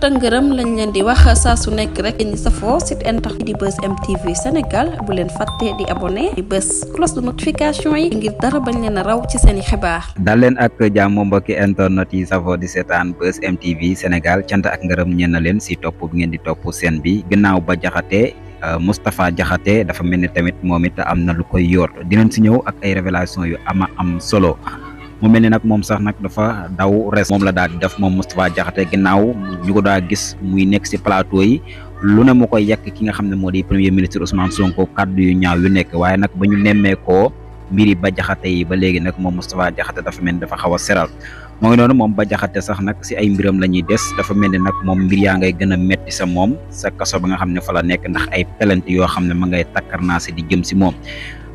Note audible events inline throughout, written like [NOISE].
tëngërëm lañ leen di wax saa su nekk rek ni safoo site internet di bës MTV Sénégal bu leen fàtte di abonné di bës cloche de notification yi ngir dara bañ leen a raw ci seen i xibaar. dal leen ak jàmm mbokki internet yi safoo di seetaan bës MTV Sénégal cant ak ngërëm ñeen na leen si topp bi ngeen di topp seen bi ginnaaw ba jaxatee. Euh, Moustapha Diakhaté dafa mel ni tamit moom it am na lu koy yor dinañ si ñëw ak ay révélation yu ama am solo mu melni nak mom sax nak dafa daw res mom la daal def mom mustafa jaxate ginnaaw ñu ko daa gis muy nekk ci plateau yi lu ne mu koy yak ki nga xamne modi premier ministre Ousmane Sonko kaddu yu ñaaw yu nekk waye nak bañu nemé ko mbiri ba jaxate yi ba léegi nak mom mustafa jaxate dafa mel dafa xawa seral mo ngi non mom ba jaxate sax nak si ay mbiram lañuy dess des dafa melni nak mom mbir ya ngay gëna metti sa mom sa kasso ba nga xamne fa la nekk ndax ay pelante yo xamne ma ngay takarna ci di jëm si mom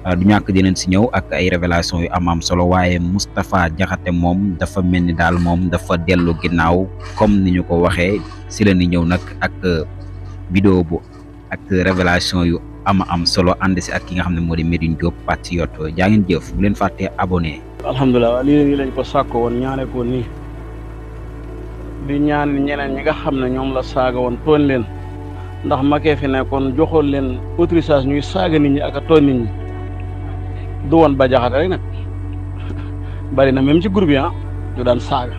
Ah, du ñàkk dinañ si ñëw ak ay révélation yu am am solo waaye Moustapha jaxate moom dafa mel ni daal moom dafa dellu ginnaaw comme ni ñu ko waxee si la ni ñëw nag ak euh, vidéo bu ak révélation yu am am solo ànd si ak ki nga xam ne moo di Médine Diop patriote jaa ngeen jëf bu leen fàttee abonné alhamdulilah lii nii lañ ko sàkko woon ñaane ko nii di ñaan ñeneen ñi nga xam ne ñoom la saaga woon tooñ leen ndax makee fi nekkoon joxoon leen autorisation ñuy saaga nit du woon ba jaxate rek nag bari na même ci groupe yi ah, ñu daan saaga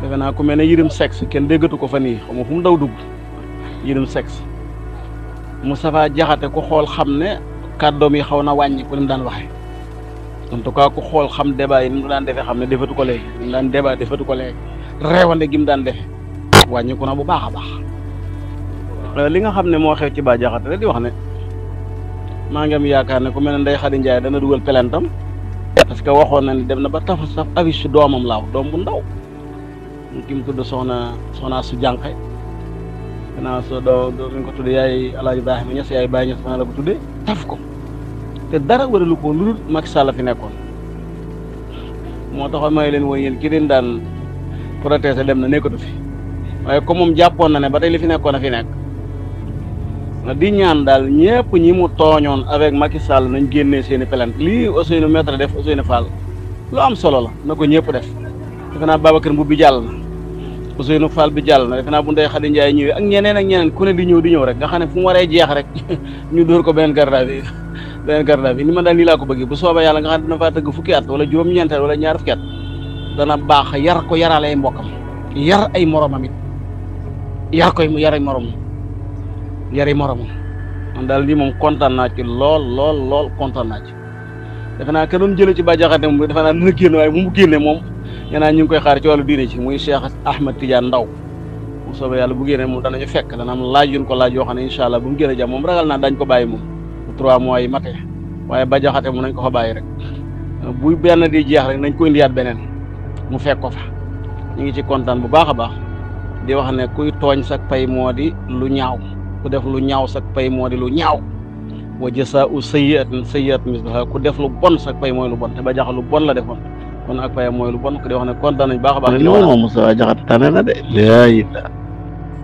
defe naa ku mel ne yërim sexe kenn déggatu ko fa nii xaw ma fu mu daw dugg yërim sexe Moustapha Jaxate ku xool xam ne doom yi xaw na wàññi ku ni daan waxee en tout cas ku xool xam débat yi ni mu daan defee xam ne defatu ko léegi ni daan débat defatu ko léegi réewande gi mu daan defe wàññi ku na bu baax a baax euh, li nga xam ne moo xew ci Ba Jaxate rek di wax ne. mangam ngi ne ku mel nday khadi ndjay dana duggal pelantam parce que waxoon na ni dem na ba tafa saf avis su doomam laaw doom bu ndaw ni kim tudd sohna sohna su jankay dana so do ñu ko tuddee yaay Alaaji Ibrahima Ñas yaay Baay Ñas la ko tuddee taf ko te dara waralu ko lu mak sala fi nekkon mo taxoon may len woon yéen ki leen dan protéger dem na nekkatu fi waye ko mom jappon na ne batay li fi nekkon na fi nekk na di ñaan dal ñepp ñi mu toñon avec Macky Sall nañ génné seen i li lii Ousseynou Maître def Ousseynou Fall lu am solo la nako ñepp ñëpp def defe naa Babacar Mboub bi jàll na Ousseynou Fall bi jall na defe bu ndey Khady Ndiaye ak ñeneen ak ñeneen ku ne di ñew di ñew rek nga xane fu mu waree jeex rek [LAUGHS] ñu door ko beneen garda [LAUGHS] bi beneen garda bi ni ma dal nii la ko bëgg bu soba yalla nga xane dina fukki at wala juroom ñent wala ñaar fukki at dana bax yar ko yaralay mbokam yar ay moromam it yar koy mu yar ay moromam yare moromam man dal lii mom kontaan na ci lol lol lol kontaan na ci defena naa ke doon jëlee ci bàjjaxate moom defena na dina ya ya way kan, mu génnee mom nee ñu ngi koy xaar ci walu diine ci muy Cheikh Ahmed Tidiane Ndaw bu soobee yalla bu génnee moom danañu fekk dana am laaj yuñ ko laaj yo xane inshallah bu mu génne jàmm moom ragal na dañ ko bàyyi mom 3 mois yi mate waaye bàjjaxate moom nañ ko fa bàyyi rek bu benn di jeex rek nañ ko indiat benen mu fekk ko fa ñi ngi ci kontaan bu baaxa baax di wax ne kuy togn sak pay modi lu ñaaw ku def lu ñaaw sak pay moo di lu ñaaw wa jasaa'u sayyi'atin sayyi'atun mislaha ku def lu bon sak pay mooy lu bon te ba jaxal lu bon la defoon kon ak payam mooy lu bon ku di wax ne kontaan nañ baax a baax. li ma moom na de. léegi la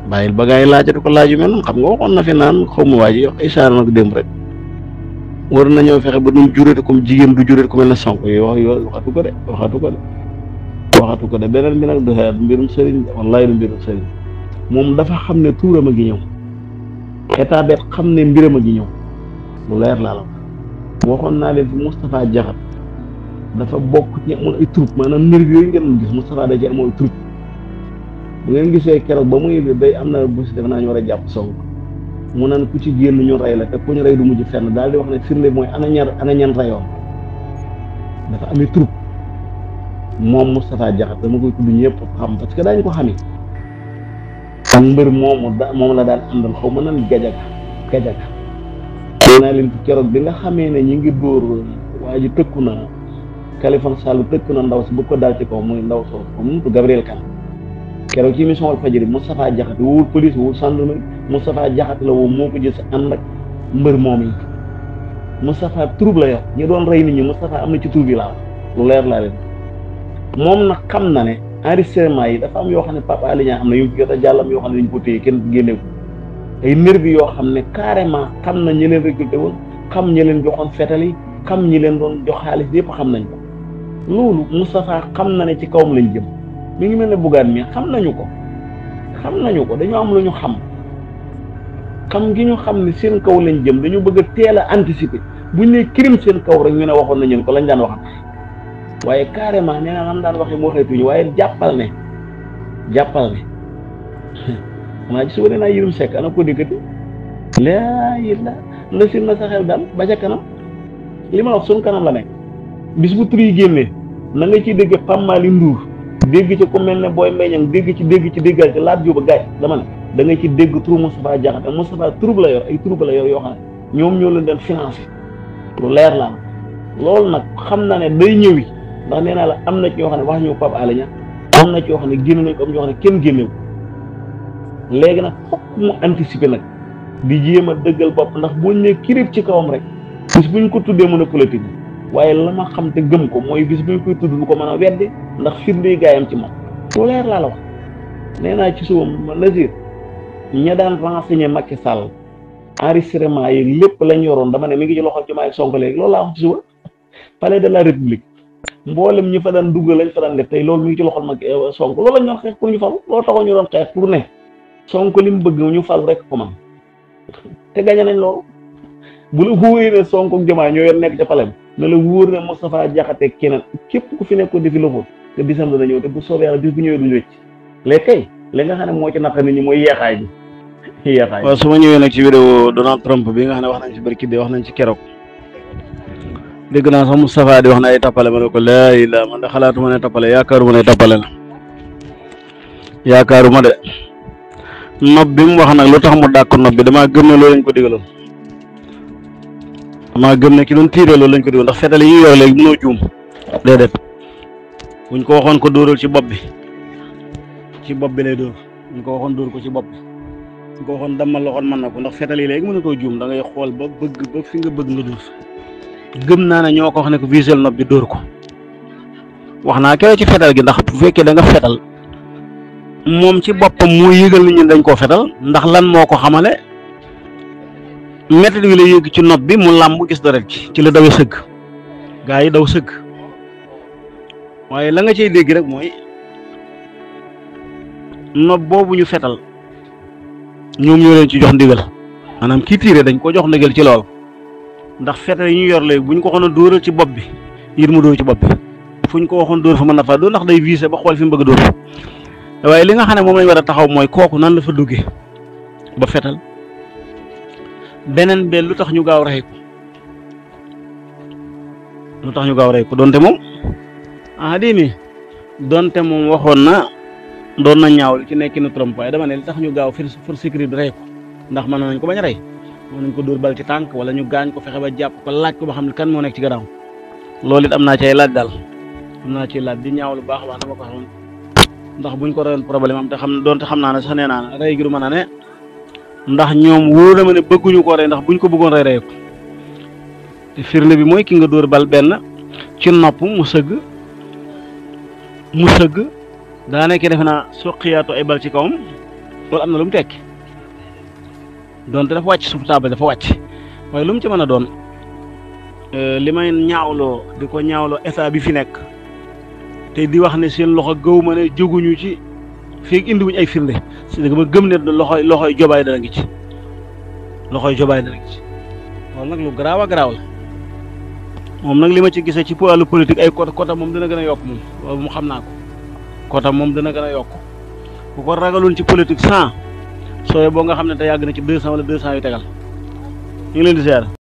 bàyyil ba gars yi laajatu ko laaj yu mel noonu xam nga waxoon na fi naan xaw ma waa ji yow Issa na ko démb rek war nañoo fexe ba nu mu juree comme jigéen du juree ku mel ne Sonko yooyu wax yooyu waxatu ko de waxatu ko de. ko de beneen bi nag du xeet mbirum sëriñ wallaay lu mbirum sëriñ moom dafa xam ne tuuram a ñëw. état bi xam ne mbiram a gi ñëw lu leer laa la waxoon naa leen mustafaa Moustapha dafa bokk ci amoon ay troupe maanaam nerf yooyu ngeen gis Moustapha da ci amoon ay troupe bu ngeen gisee keroog ba am na bu si def naa ñu war a jàpp song mu naan ku ci génn ñu rey la te ku ñu rey du mujj fenn daal di wax ne firnde mooy ana ñar ana ñan reyoon dafa amee troupe moom Moustapha Diakhaté dama koy tudd ñëpp xam parce que ñu ko xamee. ak mbër da mom la dal andal xawma nan gajaga gajaga dina len ci kérok bi nga xamé né ñi ngi door waji tekkuna khalifa sallu tekkuna ndaw su bu ko dal ci ko muy ndaw so mu tu Gabriel kan kérok ci mission wal fajiri mustafa jaxat wu police wul gendarmerie mustafa jaxat la wu moko jiss and ak mbër moom yi trouble la yor ñi doon reyni ñi mustafa amna ci tour bi la lu leer la len mom xam na né enregistrement yi dafa am yoo xam ne papa Alé Niang am na yu jot a jàllam yoo xam ne dañ ko téye kenn génne ay nervi yoo xam ne carrément xam na ñi leen recruté woon xam ñi leen joxoon fetal yi xam ñi leen doon jox xaalis yëpp xam nañ ko loolu Moustapha xam na ne ci kawam lañ jëm mi ngi mel ne Bougane mii xam nañu ko xam nañu ko dañoo am lu ñu xam xam gi ñu xam ne seen kaw lañ jëm dañu bëgg a teel a anticiper buñ ne crime seen kaw rek ñu ne waxoon nañu ko lañ daan waxam waye carrément nee na lam daan waxee moo xeetuñu waaye jàppal ne jàppal ne xanaa ci suba nee naa Yërim Seck ana ko dikkati laa la la na sa xel daal ba ca kanam li ma wax sun kanam la nekk bis bu tur yi na nga ci dégg Pape Ndour dégg ci ku mel ne Boy Mbeñang dégg ci dégg ci déggal ci laaj juba gaaj dama ne da nga ci dégg turu Moustapha Diakhaté Moustapha troupe la yor ay troupe la yor yoo xam ne ñoom ñoo leen doon financé lu leer la loolu nag xam na ne day ñëwi ndax nee naa la am na ci ñoo xam ne wax ñu Pape Alé Niang am na ci yoo ne génn nañ ko am ñoo xam ne kenn génnewu léegi nag fokk mu anticiper nag di jéem a dëggal bopp ndax buñ ne kirib ci kawam rek bis ñu ko tuddee mën a politique waaye la ma xam te gëm ko mooy bis buñ koy tudd bu ko mën a weddi ndax firnde gaayam ci moom lu leer laa la wax nee naa ci suba ma Nasir ña daan renseigné Macky Sall enregistrement yi lépp lañ yoroon dama ne mi ngi ci loxol ci maay loolu laa wax ci de la république mboolem ñi fa daan dugg lañ fa daan def tey loolu mi ngi ci loxol mag eh, Sonko loolu lañ doon xeex pour ñu falu loolu taxoon ñu doon xeex pour ne Sonko li bëgg ñu falu rek ko man te gañe nañ loolu bu la wóoree ne Sonko ak ñoo yor nekk ca palem ne la wóor ne Moustapha Diakhaté keneen képp ku fi nekkoon defi lëfal te bisam dana ñëw te bu soobee yàlla bis bu ñëwee duñu wécc léegi kay nga xam ne moo ci naqar nit ñi mooy yeexaay bi [LAUGHS] yeexaay waaw su ma ñëwee nag ci vidéo Donald Trump bi nga xam ne wax nañ ci barki wax nañ ci keroog dégg naa sax Moustapha di wax na ay tappale ma ne ko laa ilaa man xalaatuma ne tappale yaakaaruma ne tappale la yaakaaruma de nob bi mu wax nag lu tax mu dàq nob bi damaa gën ne loolu lañ ko digaloon damaa ki doon tiire loolu lañ ko digaloon da fetal yi yor léegi mënoo juum déedéet buñ ko waxoon ko dóoral ci bopp bi ci bopp bi lay dóor buñ ko waxoon dóor ko ci bopp bi buñ ko waxoon dammal na ko ndax fetal yi léegi mënatoo juum da ngay xool ba bëgg ba fi nga bëgg nga dóor gëm naa ne ñoo ko wax ne ko visuel nopp bi dóor ko wax naa keroog ci fetal gi ndax bu fekkee da nga fetal moom ci boppam moo yëgal nit dañ koo fetal ndax lan moo ko xamale méttit wi la yëg ci nopp bi mu làmb gis deret gi ci la dawee sëgg gaa yi daw sëgg waaye la nga cee dégg rek mooy nopp boobu ñu fetal ñoom ñoo leen ci jox ndigal maanaam kii tiire dañ ko jox ndigal ci lool ndax fete yi ñu yor lay buñ ko xono dóoral ci bop bi yir mu do ci bop bi fuñ ko waxon dóor fa mëna fa do dóor ndax day visé ba xol fi mu bëgg dóor li nga xam mom lañ taxaw moy koku nan la fa duggé ba fetal benen bel lu tax ñu gaaw rey ko lu tax ñu gaaw rey ko donte moom ah ni donte mom waxon na doon na ñaawul ci nekk ni trompe dama ne li tax ñu gaaw fir secret rey ko ndax mën nañ ko bañ a mën nañ ko dóor bal ci tànk ñu gaañ ko fexe ba jàpp ko laaj ko ba xam moo nekk ci am naa ci ay laaj am naa ci laaj di ñaaw lu baax a ko xam ndax buñ ko reyoon problème am te xam xam naa ne sax nee naa ne rey gi du a ndax ñoom woo na ne bëgguñu ko rey ndax buñ ko bëggoon rey rey ko te bi mooy ki nga door bal benn ci nopp mu sëgg mu sëgg daa nekk defe naa soqiyaatu ay bal ci kawam loolu am na lu mu donte dafa wàcc suuf dafa wàcc waaye lu mu ci mën a doon euh, li may ñaawloo di ko ñaawloo état bi fi nekk te di wax ne seen loxo gëw ne jóguñu ci fii indiwuñu ay firnde si dëgg ma gëm ne loxoy loxoy jobaay dana ngi ci loxoy jobaay dana ngi ci loolu nag lu garaaw a garaaw la moom nag li ma ci gisee ci wàllu politique ay côté côté moom dana gën a yokk moom loolu mu xam naa ko côté moom dana gën a yokk bu ko ragaloon ci politique sans sooy boo nga xam ne te yàgg na ci deux cent wala deux cent yu tegal ñu ngi leen di